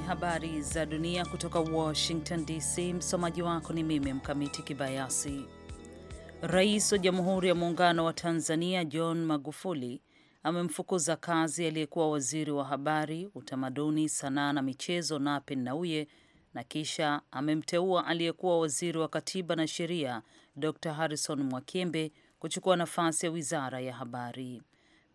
habari za dunia kutoka Washington DC. Msomaji wako ni mimi Mkamiti Kibayasi. Rais wa Jamhuri ya Muungano wa Tanzania John Magufuli amemfukuza kazi aliyekuwa waziri wa habari, utamaduni, sanaa na michezo Nape Nnauye na kisha amemteua aliyekuwa waziri wa katiba na sheria Dr. Harrison mwakembe kuchukua nafasi ya wizara ya habari.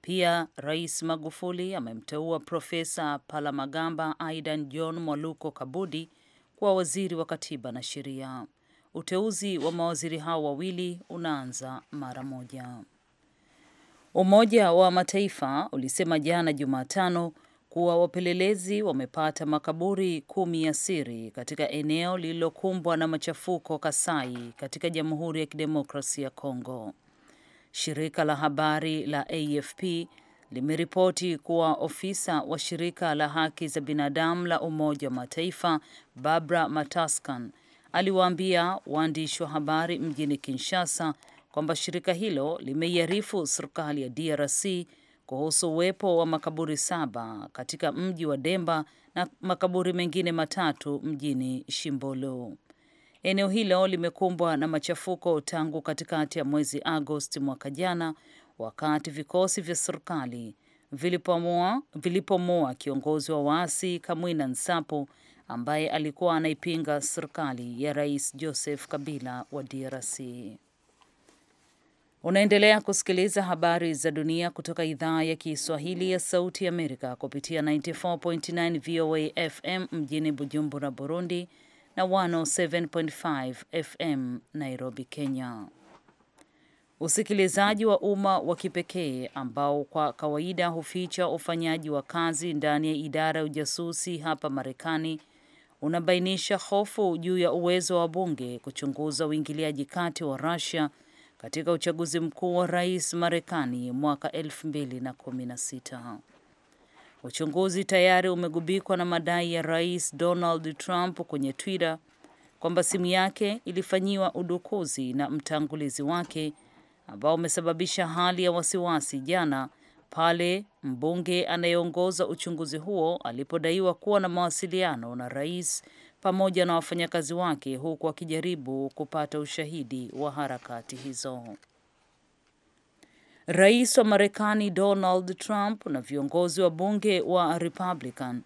Pia Rais Magufuli amemteua Profesa Palamagamba Aidan John Mwaluko Kabudi kuwa waziri wa katiba na sheria. Uteuzi wa mawaziri hao wawili unaanza mara moja. Umoja wa Mataifa ulisema jana Jumatano kuwa wapelelezi wamepata makaburi kumi ya siri katika eneo lililokumbwa na machafuko Kasai katika Jamhuri ya Kidemokrasia ya Kongo. Shirika la habari la AFP limeripoti kuwa ofisa wa shirika la haki za binadamu la Umoja wa Mataifa Barbara Mataskan aliwaambia waandishi wa habari mjini Kinshasa kwamba shirika hilo limeiarifu serikali ya DRC kuhusu uwepo wa makaburi saba katika mji wa Demba na makaburi mengine matatu mjini Shimbolo. Eneo hilo limekumbwa na machafuko tangu katikati ya mwezi Agosti mwaka jana, wakati vikosi vya serikali vilipomoa vilipomoa kiongozi wa waasi Kamwina Nsapu ambaye alikuwa anaipinga serikali ya Rais Joseph Kabila wa DRC. Unaendelea kusikiliza habari za dunia kutoka idhaa ya Kiswahili ya Sauti Amerika kupitia 94.9 VOA FM mjini Bujumbura, Burundi na 107.5 FM Nairobi, Kenya. Usikilizaji wa umma wa kipekee ambao kwa kawaida huficha ufanyaji wa kazi ndani ya idara ya ujasusi hapa Marekani unabainisha hofu juu ya uwezo wa bunge kuchunguza uingiliaji kati wa Russia katika uchaguzi mkuu wa rais Marekani mwaka 2016. Uchunguzi tayari umegubikwa na madai ya Rais Donald Trump kwenye Twitter kwamba simu yake ilifanyiwa udukuzi na mtangulizi wake ambao umesababisha hali ya wasiwasi jana pale mbunge anayeongoza uchunguzi huo alipodaiwa kuwa na mawasiliano na rais pamoja na wafanyakazi wake huku akijaribu kupata ushahidi wa harakati hizo. Rais wa Marekani Donald Trump na viongozi wa bunge wa Republican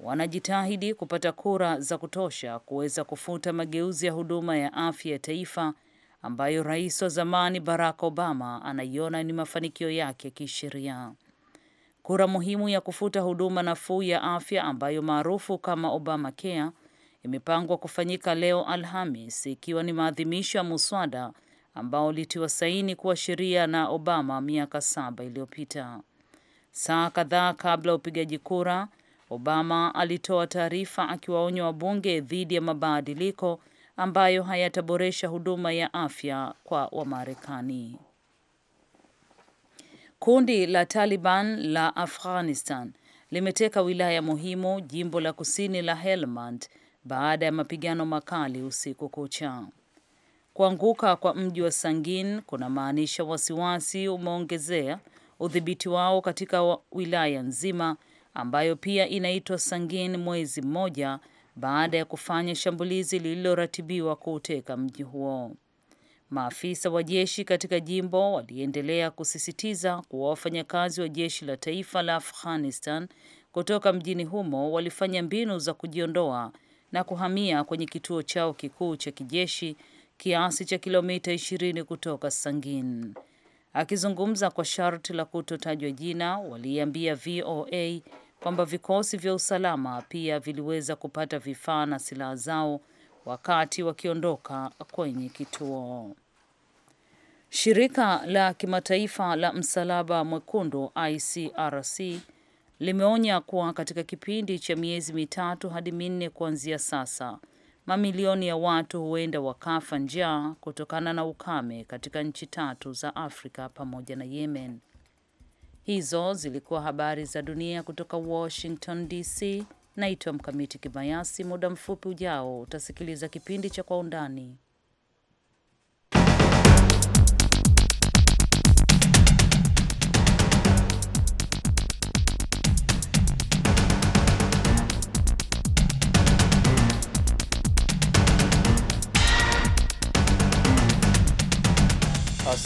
wanajitahidi kupata kura za kutosha kuweza kufuta mageuzi ya huduma ya afya ya taifa ambayo rais wa zamani Barack Obama anaiona ni mafanikio yake ya kisheria. Kura muhimu ya kufuta huduma nafuu ya afya ambayo maarufu kama Obamacare imepangwa kufanyika leo Alhamis, ikiwa ni maadhimisho ya muswada ambao ulitiwa saini kuwa sheria na Obama miaka saba iliyopita. Saa kadhaa kabla ya upigaji kura, Obama alitoa taarifa akiwaonya wabunge dhidi ya mabadiliko ambayo hayataboresha huduma ya afya kwa Wamarekani. Kundi la Taliban la Afghanistan limeteka wilaya muhimu, jimbo la kusini la Helmand baada ya mapigano makali usiku kucha. Kuanguka kwa mji wa Sangin kunamaanisha wasiwasi umeongezea udhibiti wao katika wilaya nzima ambayo pia inaitwa Sangin, mwezi mmoja baada ya kufanya shambulizi lililoratibiwa kuuteka mji huo. Maafisa wa jeshi katika jimbo waliendelea kusisitiza kuwa wafanyakazi wa jeshi la taifa la Afghanistan kutoka mjini humo walifanya mbinu za kujiondoa na kuhamia kwenye kituo chao kikuu cha kijeshi kiasi cha kilomita 20 kutoka Sangin. Akizungumza kwa sharti la kutotajwa jina, waliambia VOA kwamba vikosi vya usalama pia viliweza kupata vifaa na silaha zao wakati wakiondoka kwenye kituo. Shirika la kimataifa la Msalaba Mwekundu ICRC limeonya kuwa katika kipindi cha miezi mitatu hadi minne kuanzia sasa mamilioni ya watu huenda wakafa njaa kutokana na ukame katika nchi tatu za Afrika pamoja na Yemen. Hizo zilikuwa habari za dunia kutoka Washington DC. Naitwa Mkamiti Kibayasi. Muda mfupi ujao utasikiliza kipindi cha Kwa Undani.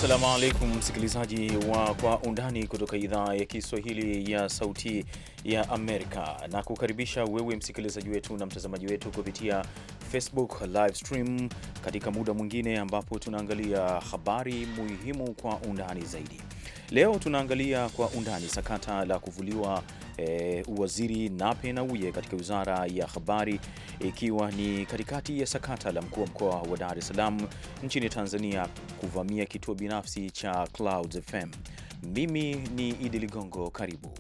Assalamu alaikum msikilizaji wa Kwa Undani kutoka idhaa ya Kiswahili ya Sauti ya Amerika na kukaribisha wewe msikilizaji wetu na mtazamaji wetu kupitia Facebook live stream katika muda mwingine ambapo tunaangalia habari muhimu kwa undani zaidi. Leo tunaangalia kwa undani sakata la kuvuliwa e, uwaziri Nape Nnauye katika wizara ya habari, ikiwa e, ni katikati ya sakata la mkuu wa mkoa wa Dar es Salaam nchini Tanzania kuvamia kituo binafsi cha Clouds FM. Mimi ni Idi Ligongo, karibu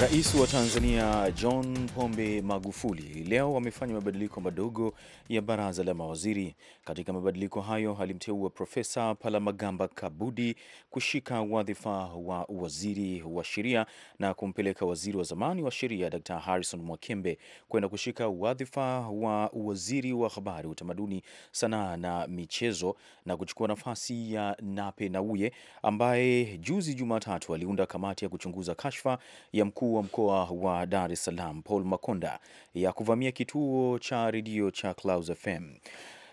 Rais wa Tanzania John Pombe Magufuli leo amefanya mabadiliko madogo ya baraza la mawaziri. Katika mabadiliko hayo, alimteua Profesa Palamagamba Kabudi kushika wadhifa wa waziri wa sheria na kumpeleka waziri wa zamani wa sheria Dr. Harrison Mwakembe kwenda kushika wadhifa wa waziri wa habari, utamaduni, sanaa na michezo na kuchukua nafasi ya Nape Nauye ambaye juzi Jumatatu aliunda kamati ya kuchunguza kashfa ya mkuu mkuu wa mkoa wa Dar es Salaam Paul Makonda ya kuvamia kituo cha redio cha Clouds FM.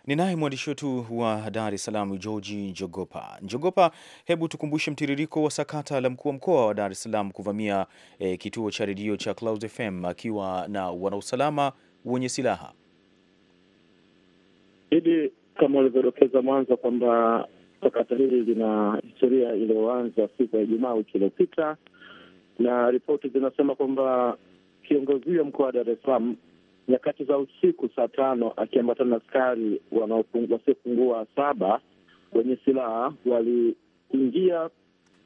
Ni naye mwandishi wetu wa Dar es Salaam Georgi Njogopa. Njogopa, hebu tukumbushe mtiririko wa sakata la mkuu wa mkoa wa Dar es Salaam kuvamia e, kituo cha redio cha Clouds FM akiwa na wanausalama wenye silaha hili kama ulivyodokeza mwanzo kwamba sakata hili lina historia iliyoanza siku ya Ijumaa wiki iliyopita na ripoti zinasema kwamba kiongozi huyo mkoa wa Dar es Salaam nyakati za usiku saa tano akiambatana na askari wasiopungua saba wenye silaha waliingia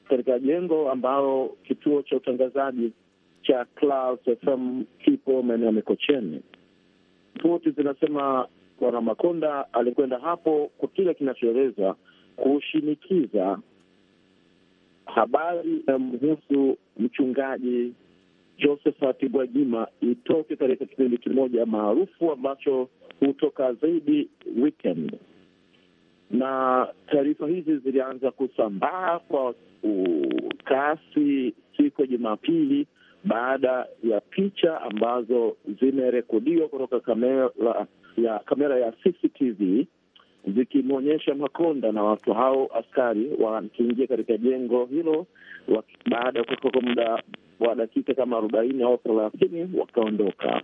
katika jengo ambao kituo cha utangazaji cha Clouds FM kipo maeneo ya Mikocheni. Ripoti zinasema Bwana Makonda alikwenda hapo kwa kile kinachoeleza kushinikiza habari inamhusu mchungaji Josephat Gwajima itoke katika kipindi kimoja maarufu ambacho hutoka zaidi weekend, na taarifa hizi zilianza kusambaa kwa kasi siku ya Jumapili baada ya picha ambazo zimerekodiwa kutoka kamera ya kamera ya CCTV zikimwonyesha Makonda na watu hao askari wakiingia katika jengo hilo baada ya kutoka kwa muda wa dakika kama arobaini au thelathini wakaondoka.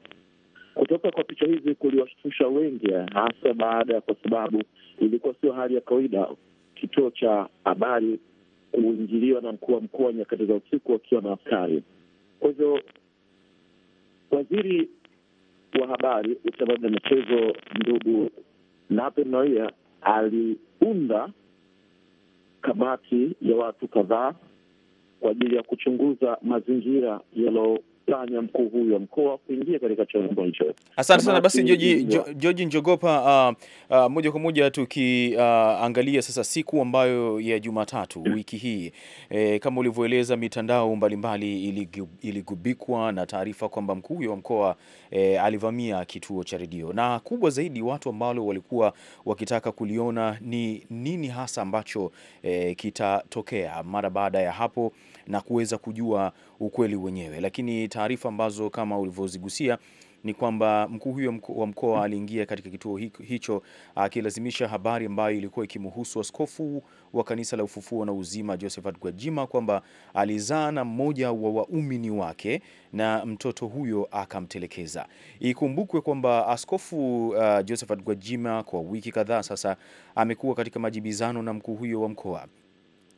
Kutoka kwa picha hizi kuliwashtusha wengi, hasa baada ya, kwa sababu ilikuwa sio hali ya kawaida kituo cha habari kuingiliwa na mkuu wa mkoa nyakati za usiku wakiwa na askari. Kwa hivyo waziri wa habari, utamaduni na michezo, ndugu Nape Nnauye aliunda kamati ya watu kadhaa kwa ajili ya kuchunguza mazingira yalo kumtanya mkuu huyu wa mkoa kuingia katika chombo hicho. Asante sana. Basi Joji, Joji Njogopa, uh, uh, moja kwa moja tukiangalia uh, sasa siku ambayo ya Jumatatu mm. wiki hii e, kama ulivyoeleza mitandao mbalimbali iligubikwa na taarifa kwamba mkuu huyo wa mkoa e, alivamia kituo cha redio, na kubwa zaidi watu ambao walikuwa wakitaka kuliona ni nini hasa ambacho e, kitatokea mara baada ya hapo na kuweza kujua ukweli wenyewe, lakini taarifa ambazo kama ulivyozigusia ni kwamba mkuu huyo wa mkoa aliingia katika kituo hicho akilazimisha habari ambayo ilikuwa ikimhusu askofu wa kanisa la ufufuo na uzima Josephat Gwajima kwamba alizaa na mmoja wa waumini wake na mtoto huyo akamtelekeza. Ikumbukwe kwamba askofu uh, Josephat Gwajima kwa wiki kadhaa sasa amekuwa katika majibizano na mkuu huyo wa mkoa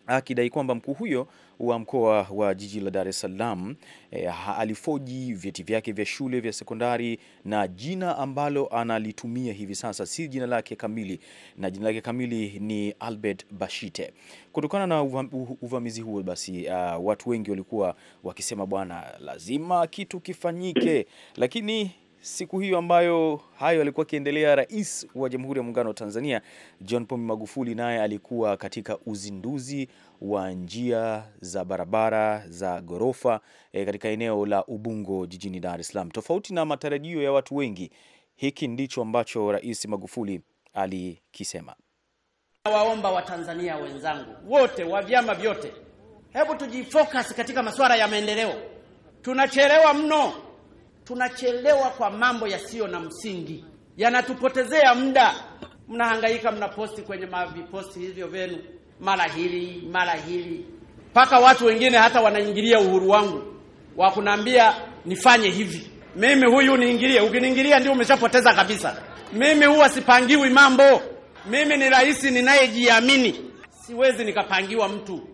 akidai kwamba mkuu huyo wa mkoa wa jiji la Dar es Salaam e, alifoji vyeti vyake vya shule vya sekondari na jina ambalo analitumia hivi sasa si jina lake kamili, na jina lake kamili ni Albert Bashite. Kutokana na uvamizi huo basi, uh, watu wengi walikuwa wakisema bwana, lazima kitu kifanyike, lakini siku hiyo ambayo hayo alikuwa akiendelea, rais wa Jamhuri ya Muungano wa Tanzania John Pombe Magufuli naye alikuwa katika uzinduzi wa njia za barabara za ghorofa e, katika eneo la Ubungo jijini Dar es Salaam. Tofauti na matarajio ya watu wengi, hiki ndicho ambacho Rais Magufuli alikisema: nawaomba Watanzania wenzangu wote wa vyama vyote, hebu tujifocus katika masuala ya maendeleo. Tunachelewa mno tunachelewa kwa mambo yasiyo na msingi, yanatupotezea muda. Mnahangaika, mnaposti kwenye maviposti hivyo vyenu, mara hili mara hili, mpaka watu wengine hata wanaingilia uhuru wangu wa kunambia nifanye hivi. Mimi huyu niingilie, ukiniingilia ndio umeshapoteza kabisa. Mimi huwa sipangiwi mambo. Mimi ni rais ninayejiamini, siwezi nikapangiwa mtu,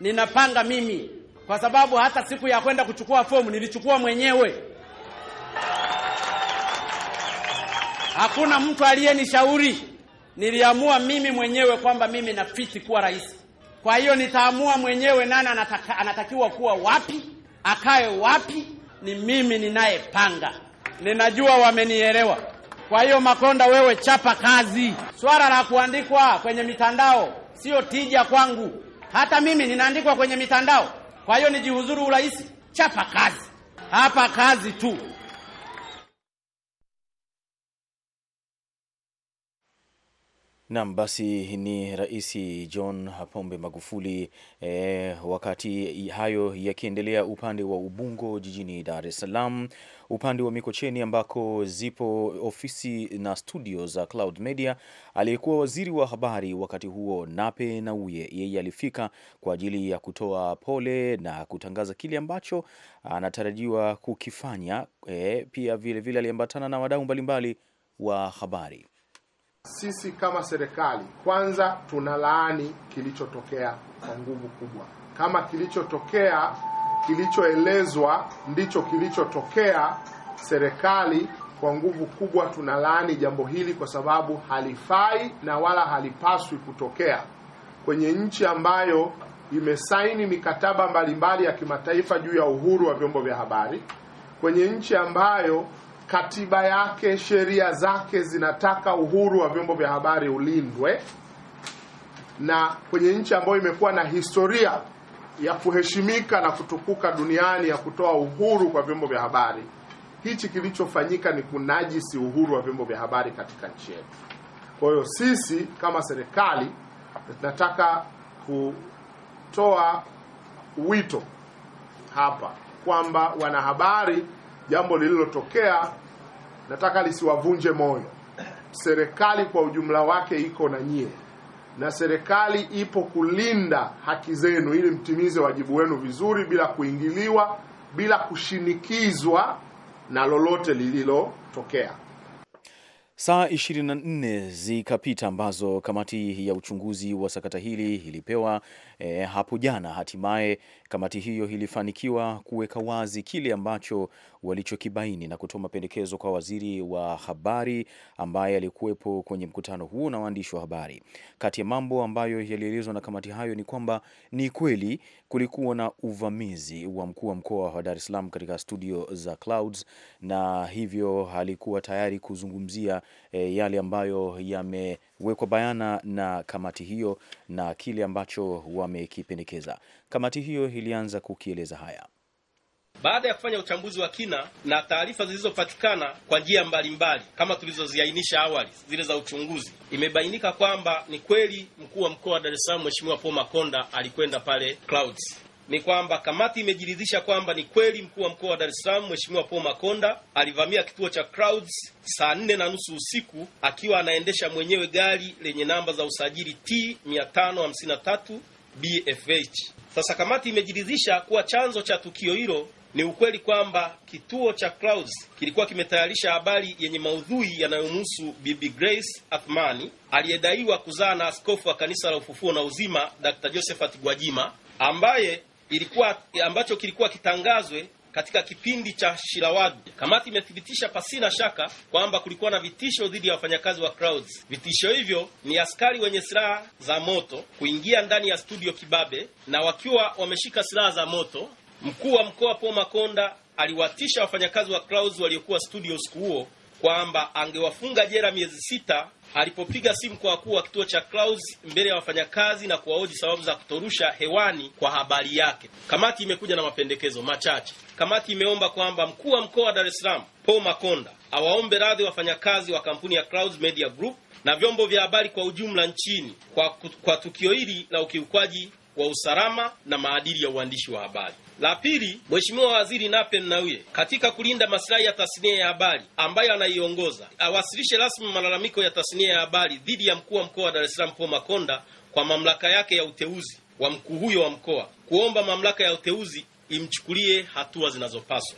ninapanga mimi, kwa sababu hata siku ya kwenda kuchukua fomu nilichukua mwenyewe. Hakuna mtu aliyenishauri, niliamua mimi mwenyewe kwamba mimi nafiti kuwa rais. Kwa hiyo nitaamua mwenyewe nani anataka, anatakiwa kuwa wapi, akae wapi. Ni mimi ninayepanga, ninajua wamenielewa. Kwa hiyo Makonda, wewe chapa kazi. Swala la kuandikwa kwenye mitandao sio tija kwangu, hata mimi ninaandikwa kwenye mitandao. Kwa hiyo nijihuzuru urais, chapa kazi hapa, kazi tu. Naam, basi ni Rais John Pombe Magufuli. E, wakati hayo yakiendelea upande wa Ubungo jijini Dar es Salaam, upande wa Mikocheni ambako zipo ofisi na studio za Cloud Media, aliyekuwa waziri wa habari wakati huo Nape Nnauye, yeye alifika kwa ajili ya kutoa pole na kutangaza kile ambacho anatarajiwa kukifanya. E, pia vilevile aliambatana na wadau mbalimbali wa habari. Sisi kama serikali kwanza tunalaani kilichotokea kwa nguvu kubwa. Kama kilichotokea kilichoelezwa ndicho kilichotokea, serikali kwa nguvu kubwa tunalaani jambo hili kwa sababu halifai na wala halipaswi kutokea kwenye nchi ambayo imesaini mikataba mbalimbali ya kimataifa juu ya uhuru wa vyombo vya habari, kwenye nchi ambayo katiba yake, sheria zake zinataka uhuru wa vyombo vya habari ulindwe, na kwenye nchi ambayo imekuwa na historia ya kuheshimika na kutukuka duniani ya kutoa uhuru kwa vyombo vya habari, hichi kilichofanyika ni kunajisi uhuru wa vyombo vya habari katika nchi yetu. Kwa hiyo sisi kama serikali tunataka kutoa wito hapa kwamba wanahabari jambo lililotokea, nataka lisiwavunje moyo. Serikali kwa ujumla wake iko na nyie, na serikali ipo kulinda haki zenu ili mtimize wajibu wenu vizuri, bila kuingiliwa, bila kushinikizwa na lolote lililotokea. Saa 24 zikapita ambazo kamati ya uchunguzi wa sakata hili ilipewa e, hapo jana. Hatimaye kamati hiyo ilifanikiwa kuweka wazi kile ambacho walichokibaini na kutoa mapendekezo kwa waziri wa habari ambaye alikuwepo kwenye mkutano huo na waandishi wa habari. Kati ya mambo ambayo yalielezwa na kamati hayo ni kwamba ni kweli kulikuwa na uvamizi wa mkuu wa mkoa wa Dar es Salaam katika studio za Clouds, na hivyo alikuwa tayari kuzungumzia e, yale ambayo yamewekwa bayana na kamati hiyo na kile ambacho wamekipendekeza. Kamati hiyo ilianza kukieleza haya. Baada ya kufanya uchambuzi wa kina na taarifa zilizopatikana kwa njia mbalimbali kama tulizoziainisha awali zile za uchunguzi, imebainika kwamba ni kweli mkuu wa mkoa wa Dar es Salaam Mheshimiwa Paul Makonda alikwenda pale Clouds ni kwamba kamati imejiridhisha kwamba ni kweli mkuu wa mkoa wa Dar es Salaam Mheshimiwa Paul Makonda alivamia kituo cha Clouds saa nne na nusu usiku akiwa anaendesha mwenyewe gari lenye namba za usajili T 553 BFH. Sasa kamati imejiridhisha kuwa chanzo cha tukio hilo ni ukweli kwamba kituo cha Clouds kilikuwa kimetayarisha habari yenye maudhui yanayomhusu Bibi Grace Athmani aliyedaiwa kuzaa na askofu wa kanisa la Ufufuo na Uzima Dr. Josephat Gwajima ambaye ilikuwa ambacho kilikuwa kitangazwe katika kipindi cha Shirawadi. Kamati imethibitisha pasina shaka kwamba kulikuwa na vitisho dhidi ya wafanyakazi wa Clouds. Vitisho hivyo ni askari wenye silaha za moto kuingia ndani ya studio kibabe na wakiwa wameshika silaha za moto Mkuu wa mkoa Paul Makonda aliwatisha wafanyakazi wa Clouds waliokuwa studio siku huo kwamba angewafunga jela miezi sita alipopiga simu kwa wakuu wa kituo cha Clouds mbele ya wafanyakazi na kuwahoji sababu za kutorusha hewani kwa habari yake. Kamati imekuja na mapendekezo machache. Kamati imeomba kwamba mkuu wa mkoa wa Dar es Salaam Paul Makonda awaombe radhi wafanyakazi wa kampuni ya Clouds Media Group na vyombo vya habari kwa ujumla nchini kwa, kwa tukio hili la ukiukwaji wa usalama na maadili ya uandishi wa habari. La pili, Mheshimiwa Waziri Nape Nnauye katika kulinda maslahi ya tasnia ya habari ambayo anaiongoza awasilishe rasmi malalamiko ya tasnia ya habari dhidi ya mkuu wa mkoa wa Dar es Salaam Paul Makonda kwa mamlaka yake ya uteuzi wa mkuu huyo wa mkoa kuomba mamlaka ya uteuzi imchukulie hatua zinazopaswa.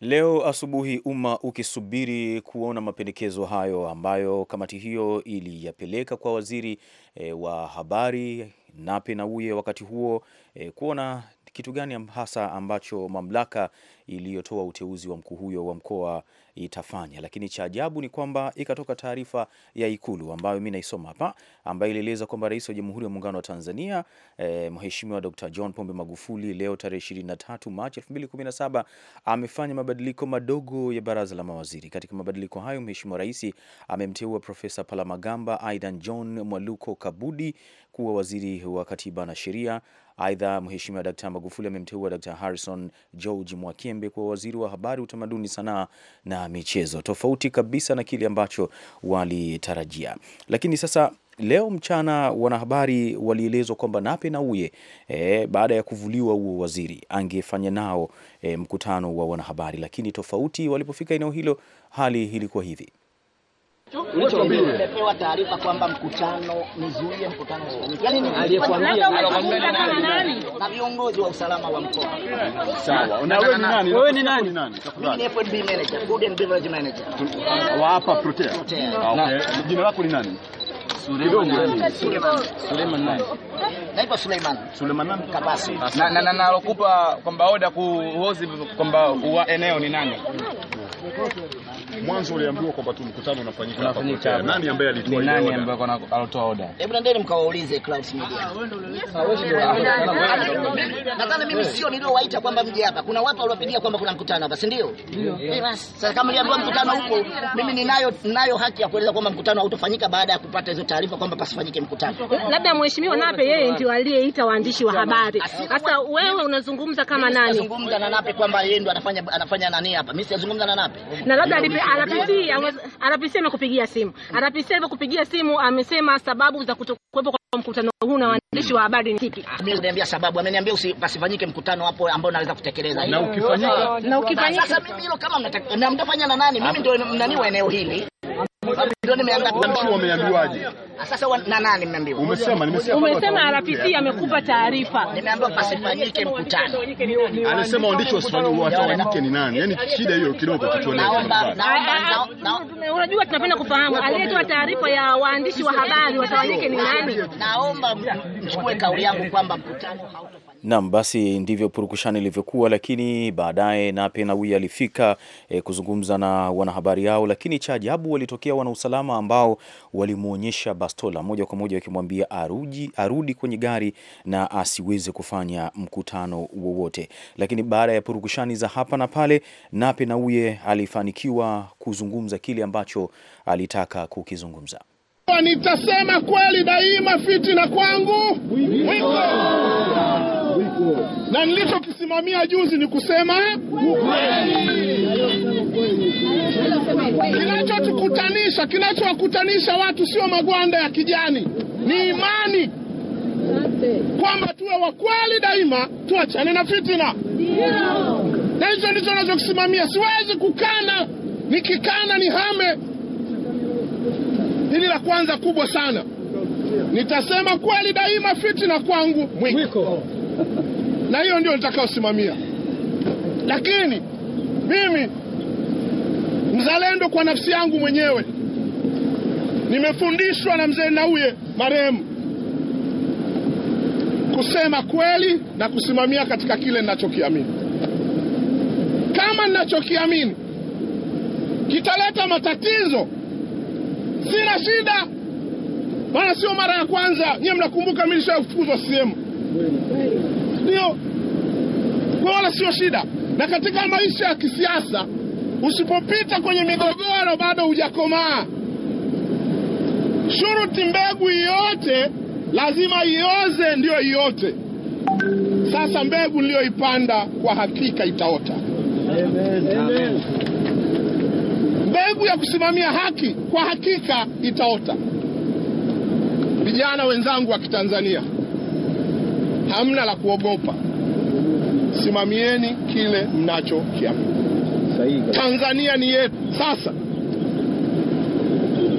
Leo asubuhi umma ukisubiri kuona mapendekezo hayo ambayo kamati hiyo iliyapeleka kwa waziri e, wa habari Nape Nnauye wakati huo e, kuona kitu gani hasa ambacho mamlaka iliyotoa uteuzi wa mkuu huyo wa mkoa itafanya. Lakini cha ajabu ni kwamba ikatoka taarifa ya Ikulu ambayo mi naisoma hapa, ambayo ilieleza kwamba Rais wa Jamhuri ya Muungano wa Tanzania eh, Mheshimiwa Dr. John Pombe Magufuli leo tarehe 23 Machi 2017 amefanya mabadiliko madogo ya baraza la mawaziri. Katika mabadiliko hayo, Mheshimiwa Rais amemteua Profesa Palamagamba Aidan John Mwaluko Kabudi kuwa waziri wa katiba na sheria, Aidha, Mheshimiwa Dkt. Magufuli amemteua Dkt. Harrison George Mwakembe kuwa waziri wa habari, utamaduni, sanaa na michezo, tofauti kabisa na kile ambacho walitarajia. Lakini sasa leo mchana wanahabari walielezwa kwamba Nape Nnauye e, baada ya kuvuliwa huo waziri angefanya nao e, mkutano wa wanahabari, lakini tofauti, walipofika eneo hilo hali ilikuwa hivi. Nimepewa taarifa kwamba mkutano nizuie mkutano Yaani ni na viongozi wa usalama wa mkoa. Sawa. Na wewe ni nani? Wewe ni nani? Mimi ni F&B manager, food and beverage manager. Wa hapa Protea. Ah, okay. Jina lako ni nani? Naitwa Suleiman. Suleiman nalokupa kwamba oda kuhozi kwamba eneo ni nani? mwanzo uliambiwa kwamba tu mkutano unafanyika hapa. kwa nani ambaye alitoa ile nani ambaye alitoa order? Hebu nendeni mkawaulize Clouds Media. Nadhani mimi sio niliowaita kwamba mje hapa. Kuna watu waliopigia kwamba kuna mkutano hapa, si ndio? Eh, basi sasa kama niliambiwa mkutano huko, mimi ninayo ninayo haki ya kueleza kwamba mkutano hautofanyika baada ya kupata hizo taarifa kwamba pasifanyike mkutano. Labda mheshimiwa Nape yeye ndio aliyeita waandishi wa habari. Sasa wewe unazungumza kama nani? Nazungumza na Nape kwamba yeye ndio anafanya anafanya nani hapa. Mimi sizungumza na Nape. Na labda RPC RPC amekupigia simu. RPC alivyokupigia simu amesema sababu za kutokuwepo kwa mkutano huu na waandishi wa habari ni kipi? Mimi sababu, ameniambia usifanyike mkutano hapo ambao naweza kutekeleza. Na ukifanyika, na ukifanyika sasa, mimi hilo kama mnataka, na mtafanya na nani? Mimi ndio nani wa eneo hili milioni mia ngapi? Wameambiwaje? Sasa na nani mmeambiwa? Umesema, nimesema. Umesema RPC amekupa taarifa. Nimeambiwa pasifanyike mkutano. Anasema waandishi watawanyike ni nani? Yaani shida hiyo kidogo tutueleze. Unajua tunapenda kufahamu aliyetoa taarifa ya waandishi wa habari watawanyike ni nani? Naomba mchukue kauli yangu kwamba mkutano hauta Naam, basi ndivyo purukushani ilivyokuwa, lakini baadaye Nape Nnauye alifika e, kuzungumza na wanahabari hao, lakini cha ajabu walitokea wanausalama ambao walimwonyesha bastola moja kwa moja wakimwambia arudi, arudi kwenye gari na asiweze kufanya mkutano wowote. Lakini baada ya purukushani za hapa na pale, Nape Nnauye alifanikiwa kuzungumza kile ambacho alitaka kukizungumza. Nitasema kweli daima, fitina kwangu wiko na nilichokisimamia juzi ni kusema ukweli. Kinachotukutanisha, kinachowakutanisha watu sio magwanda ya kijani, ni imani kwamba tuwe wakweli daima, tuachane na fitina, na hizo ndicho nachokisimamia. Siwezi kukana, nikikana ni hame. Hili la kwanza kubwa sana, nitasema kweli daima, fitina kwangu mwiko na hiyo ndio nitakayosimamia. Lakini mimi mzalendo kwa nafsi yangu mwenyewe nimefundishwa na mzee Nauye marehemu kusema kweli na kusimamia katika kile ninachokiamini. Kama ninachokiamini kitaleta matatizo, sina shida, maana sio mara ya kwanza. Nyiye mnakumbuka, mimi kufukuzwa CCM ndio kwa, wala sio shida. Na katika maisha ya kisiasa usipopita kwenye migogoro bado hujakomaa. Shuruti mbegu yote lazima ioze ndiyo iote. Sasa mbegu niliyoipanda kwa hakika itaota. Amen. Mbegu ya kusimamia haki kwa hakika itaota. Vijana wenzangu wa Kitanzania hamna la kuogopa. Simamieni kile kiamini. Tanzania ni yetu. Sasa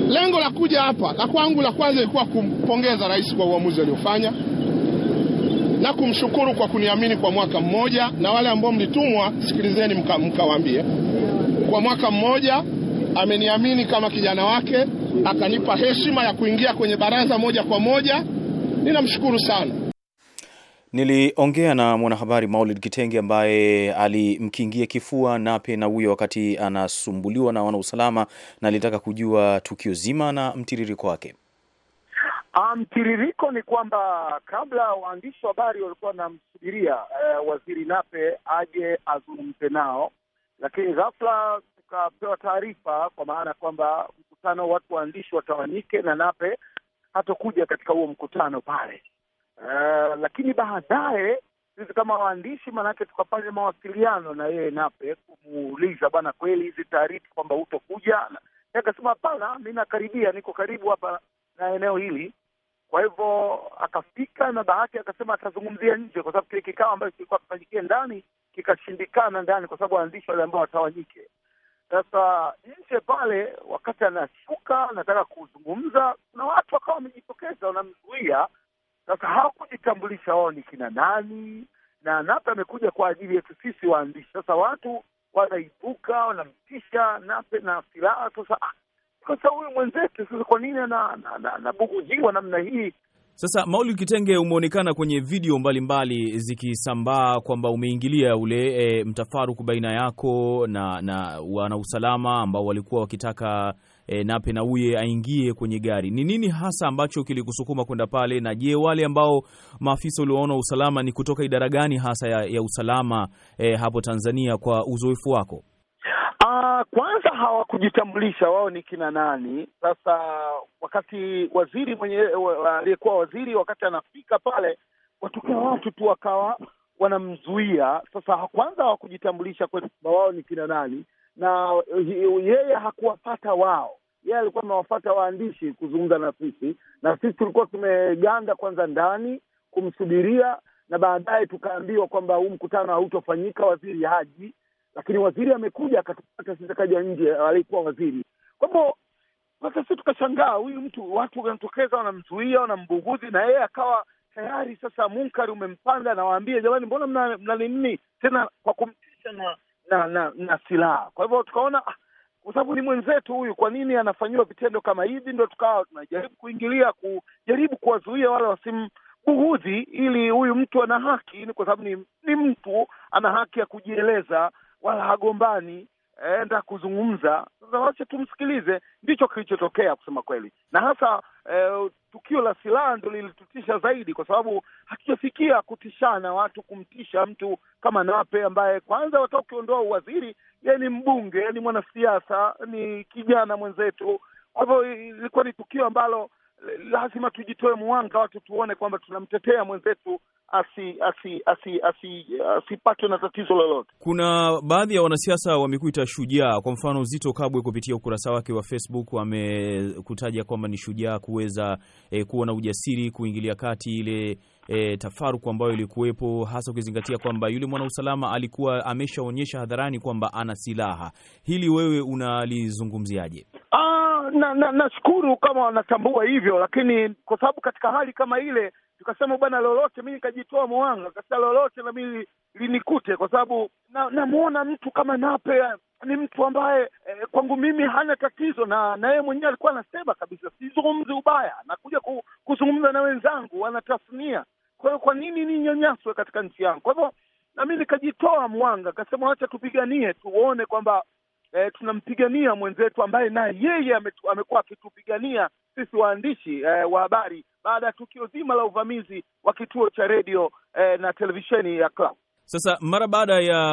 lengo la kuja hapa la kwangu la kwanza ilikuwa kumpongeza rais kwa uamuzi aliofanya na kumshukuru kwa kuniamini kwa mwaka mmoja, na wale ambao mlitumwa, sikilizeni mkawaambie, mka kwa mwaka mmoja ameniamini kama kijana wake, akanipa heshima ya kuingia kwenye baraza moja kwa moja. Ninamshukuru sana. Niliongea na mwanahabari Maulid Kitenge ambaye alimkingia kifua Nape na huyo wakati anasumbuliwa na wanausalama, na alitaka kujua tukio zima na mtiririko wake. Ah, mtiririko um, ni kwamba kabla waandishi wa habari walikuwa wanamsubiria eh, waziri Nape aje azungumze nao, lakini ghafla tukapewa taarifa kwa maana kwamba mkutano, watu waandishi watawanyike na Nape hatakuja katika huo mkutano pale uh, lakini baadaye sisi kama waandishi, maanake tukafanya mawasiliano na yeye Nape kumuuliza, bana, kweli hizi taarifa kwamba hutokuja? Akasema hapana, mi nakaribia, niko karibu hapa na eneo hili. Kwa hivyo akafika na bahati akasema atazungumzia nje, kwa sababu kile kikao ambacho kilikuwa kifanyikie ndani kikashindikana ndani, kwa sababu waandishi wale ambao watawanyike. Sasa nje pale, wakati anashuka nataka kuzungumza, kuna watu wakawa wamejitokeza wanamzuia sasa hawakujitambulisha wao ni kina nani, na Nape amekuja kwa ajili yetu sisi waandishi. Sasa watu wanaibuka wanamtisha Nape na silaha. Sasa sasa huyu mwenzetu sasa, kwa nini anabugujiwa namna hii? Sasa mauli Kitenge, umeonekana kwenye video mbalimbali zikisambaa kwamba umeingilia ule e, mtafaruku baina yako na na wanausalama ambao walikuwa wakitaka e, Nape Nnauye aingie kwenye gari. Ni nini hasa ambacho kilikusukuma kwenda pale, na je, wale ambao maafisa ulioona usalama ni kutoka idara gani hasa ya, ya usalama e, hapo Tanzania kwa uzoefu wako? Ah, kwanza hawakujitambulisha wao ni kina nani. Sasa wakati waziri mwenye aliyekuwa waziri wakati anafika pale, watokea watu tu wakawa wanamzuia. Sasa kwanza hawakujitambulisha kwamba wao ni kina nani, na yeye hakuwafata wao, yeye alikuwa amewafata waandishi kuzungumza na sisi, na sisi tulikuwa tumeganda kwanza ndani kumsubiria, na baadaye tukaambiwa kwamba huu mkutano hautofanyika, waziri haji. Lakini waziri amekuja akatupata sisi, akaja nje, alikuwa waziri kwambo sasa si tukashangaa, huyu mtu watu wanatokeza wanamzuia, wanambuguzi, na yeye akawa tayari sasa munkari umempanda, nawaambia jamani, mbona mna nini tena, kwa kumtisha na na na, na silaha. Kwa hivyo tukaona ah, kwa sababu ni mwenzetu huyu, kwa nini anafanyiwa vitendo kama hivi? Ndo tukawa tunajaribu kuingilia, kujaribu kuwazuia wale wasimbughudhi, ili huyu mtu ana haki, kwa sababu ni, ni mtu ana haki ya kujieleza, wala hagombani enda kuzungumza. Sasa wache tumsikilize, ndicho kilichotokea kusema kweli, na hasa eh, tukio la silaha ndo lilitutisha zaidi, kwa sababu hatujafikia kutishana watu, kumtisha mtu kama Nape ambaye kwanza wataka ukiondoa uwaziri, ye ni mbunge, ni mwanasiasa, ni kijana mwenzetu. Kwa hivyo ilikuwa ni tukio ambalo lazima tujitoe mwanga, watu tuone kwamba tunamtetea mwenzetu asipatwe asi, asi, asi, asi na tatizo lolote. Kuna baadhi ya wanasiasa wamekuita shujaa. Kwa mfano, Zito Kabwe kupitia ukurasa wake wa Facebook amekutaja kwamba ni shujaa kuweza eh, kuwa na ujasiri kuingilia kati ile E, tafaruku ambayo ilikuwepo hasa ukizingatia kwamba yule mwana usalama alikuwa ameshaonyesha hadharani kwamba ana silaha. Hili wewe unalizungumziaje? Ah, na nashukuru na kama wanatambua hivyo, lakini kwa sababu katika hali kama ile tukasema bwana, lolote mi nikajitoa mwanga, kasema lolote na mimi linikute, kwa sababu namwona na mtu kama Nape ni mtu ambaye eh, kwangu mimi hana tatizo na na yeye mwenyewe alikuwa anasema kabisa, sizungumzi ubaya, nakuja kuzungumza na wenzangu wanatasnia. Kwa hiyo kwa nini ninyanyaswe katika nchi yangu? Kwa hivyo na mi nikajitoa mwanga, kasema wacha tupiganie, tuone kwamba eh, tunampigania mwenzetu ambaye naye yeye amekuwa akitupigania sisi waandishi eh, wa habari baada ya tukio zima la uvamizi wa kituo cha redio eh, na televisheni ya Clouds. Sasa mara baada ya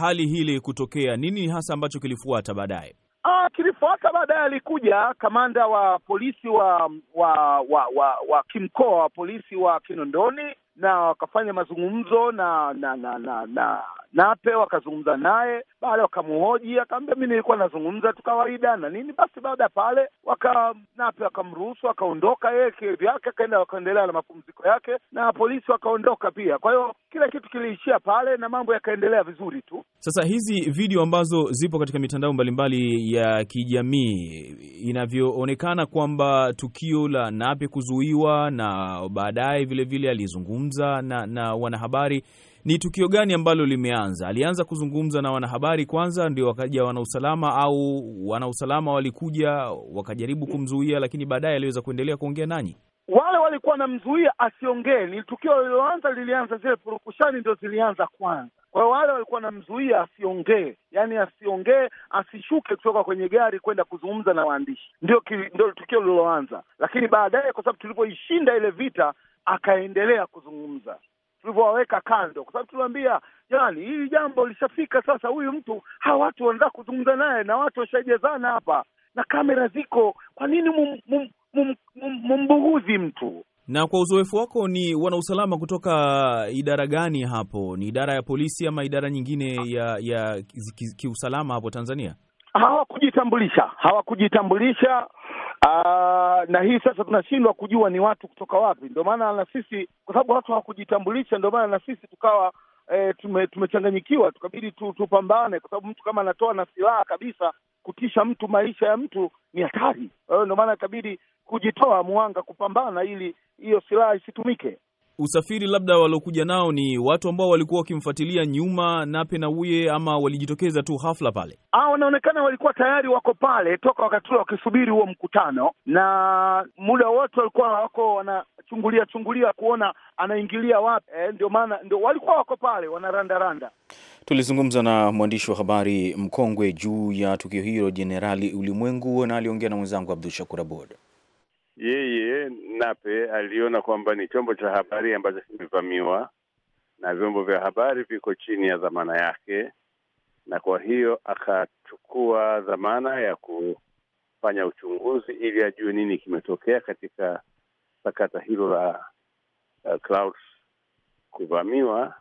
hali hili kutokea, nini hasa ambacho kilifuata baadaye? Ah, kilifuata baadaye alikuja kamanda wa polisi wa wa wa wa, wa kimkoa wa polisi wa Kinondoni na wakafanya mazungumzo na na na na, na Nape wakazungumza naye, baada wakamhoji, akaambia mi nilikuwa nazungumza tu kawaida na nini. Basi baada ya pale waka Nape wakamruhusu akaondoka yeye kivyake, akaenda wakaendelea na mapumziko yake, na polisi wakaondoka pia. Kwa hiyo kila kitu kiliishia pale na mambo yakaendelea vizuri tu. Sasa hizi video ambazo zipo katika mitandao mbalimbali ya kijamii, inavyoonekana kwamba tukio la Nape kuzuiwa na baadaye vilevile alizungumza na, na wanahabari ni tukio gani ambalo limeanza? Alianza kuzungumza na wanahabari kwanza, ndio wakaja wanausalama, au wanausalama walikuja wakajaribu kumzuia, lakini baadaye aliweza kuendelea kuongea nanyi? Wale walikuwa wanamzuia asiongee. Ni tukio lililoanza, lilianza zile purukushani ndio zilianza kwanza. Kwa hiyo wale walikuwa wanamzuia asiongee, yaani asiongee, asishuke kutoka kwenye gari kwenda kuzungumza na waandishi. Ndio, ndio tukio lililoanza, lakini baadaye, kwa sababu tulipoishinda ile vita, akaendelea kuzungumza tulivyowaweka kando, kwa sababu tuliwaambia jani, hili jambo lishafika sasa. Huyu mtu hawa watu wanataka kuzungumza naye na watu washajazana hapa na kamera ziko, kwa nini mum, mum, mum, mum, mumbuguzi mtu? Na kwa uzoefu wako, ni wanausalama kutoka idara gani hapo? Ni idara ya polisi ama idara nyingine ya ya kiusalama ki, ki hapo Tanzania? Hawakujitambulisha, hawakujitambulisha, Aa, ah, na hii sasa tunashindwa kujua ni watu kutoka wapi. Ndio maana na sisi kwa sababu watu hawakujitambulisha, ndio maana na sisi tukawa e, tume, tumechanganyikiwa, tukabidi tu, tupambane kwa sababu mtu kama anatoa na silaha kabisa kutisha mtu, maisha ya mtu ni hatari. Kwa hiyo ndio maana ikabidi kujitoa mwanga kupambana ili hiyo silaha isitumike usafiri labda waliokuja nao ni watu ambao walikuwa wakimfuatilia nyuma Nape na uye, ama walijitokeza tu hafla pale? Ah, wanaonekana walikuwa tayari wako pale toka wakati ule wakisubiri huo mkutano, na muda wote walikuwa wako wanachungulia chungulia kuona anaingilia wapi. Eh, ndio maana ndio walikuwa wako pale wanarandaranda. Tulizungumza na mwandishi wa habari mkongwe juu ya tukio hilo, Jenerali Ulimwengu, na aliongea na mwenzangu Abdul Shakur Abud yeye Nape aliona kwamba ni chombo cha habari ambacho kimevamiwa na vyombo vya habari viko chini ya dhamana yake, na kwa hiyo akachukua dhamana ya kufanya uchunguzi ili ajue nini kimetokea katika sakata hilo la uh, Clouds kuvamiwa.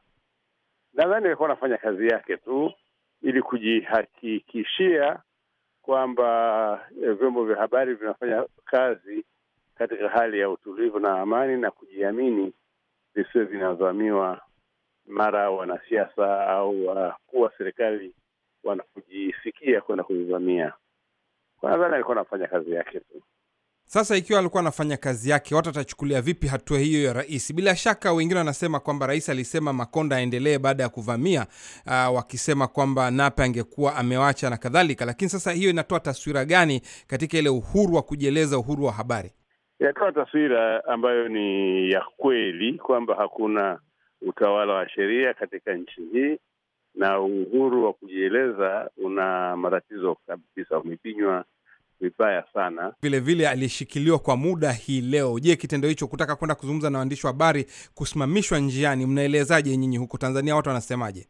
Nadhani alikuwa anafanya kazi yake tu ili kujihakikishia kwamba eh, vyombo vya habari vinafanya kazi katika hali ya utulivu na amani na kujiamini, visiwe vinavamiwa mara wanasiasa au wakuu wa serikali wanakujisikia kwenda kuvivamia. Kwa nadhani alikuwa anafanya kazi yake tu. Sasa ikiwa alikuwa anafanya kazi yake, watu atachukulia vipi hatua hiyo ya rais? Bila shaka wengine wanasema kwamba rais alisema Makonda aendelee baada ya kuvamia uh, wakisema kwamba Nape angekuwa amewacha na kadhalika. Lakini sasa hiyo inatoa taswira gani katika ile uhuru wa kujieleza, uhuru wa habari? yatoa taswira ambayo ni ya kweli kwamba hakuna utawala wa sheria katika nchi hii na uhuru wa kujieleza una matatizo kabisa, umepinywa vibaya sana. Vilevile alishikiliwa kwa muda hii leo. Je, kitendo hicho kutaka kwenda kuzungumza na waandishi wa habari, kusimamishwa njiani, mnaelezaje nyinyi huko Tanzania? Watu wanasemaje?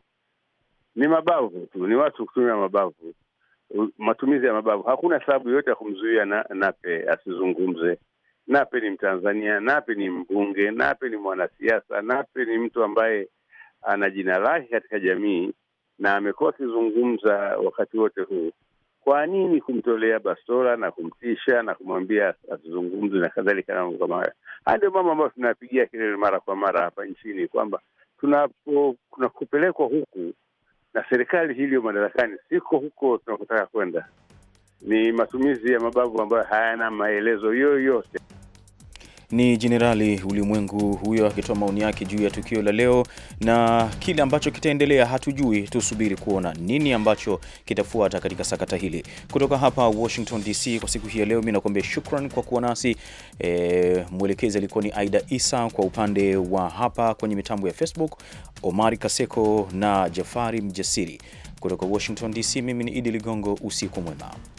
Ni mabavu tu, ni watu kutumia mabavu, matumizi ya mabavu. Hakuna sababu yoyote ya kumzuia na Nape asizungumze Nape ni Mtanzania, Nape ni mbunge, Nape ni mwanasiasa, Nape ni mtu ambaye ana jina lake katika jamii na amekuwa akizungumza wakati wote huu. Kwa nini kumtolea bastola na kumtisha na kumwambia asizungumze na kadhalika na mambo kama hayo? Haya ndio mambo ambayo tunayapigia kelele mara kwa mara hapa nchini kwamba tunapo tunakupelekwa huku na serikali hiliyo madarakani siko huko tunakotaka kwenda ni matumizi ya mabavu ambayo hayana maelezo yoyote. Ni Jenerali Ulimwengu huyo akitoa maoni yake juu ya tukio la leo, na kile ambacho kitaendelea hatujui. Tusubiri kuona nini ambacho kitafuata katika sakata hili. Kutoka hapa Washington DC kwa siku hii ya leo, mi nakuambia shukran kwa kuwa nasi. E, mwelekezi alikuwa ni Aida Isa, kwa upande wa hapa kwenye mitambo ya Facebook Omari Kaseko na Jafari Mjasiri. Kutoka Washington DC, mimi ni Idi Ligongo, usiku mwema.